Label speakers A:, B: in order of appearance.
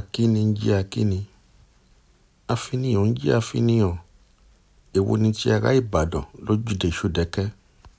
A: akíni ń akini akíni afinihàn ń jí afinihàn èwo ni ti ará ìbàdàn lójúde ṣódẹkẹ́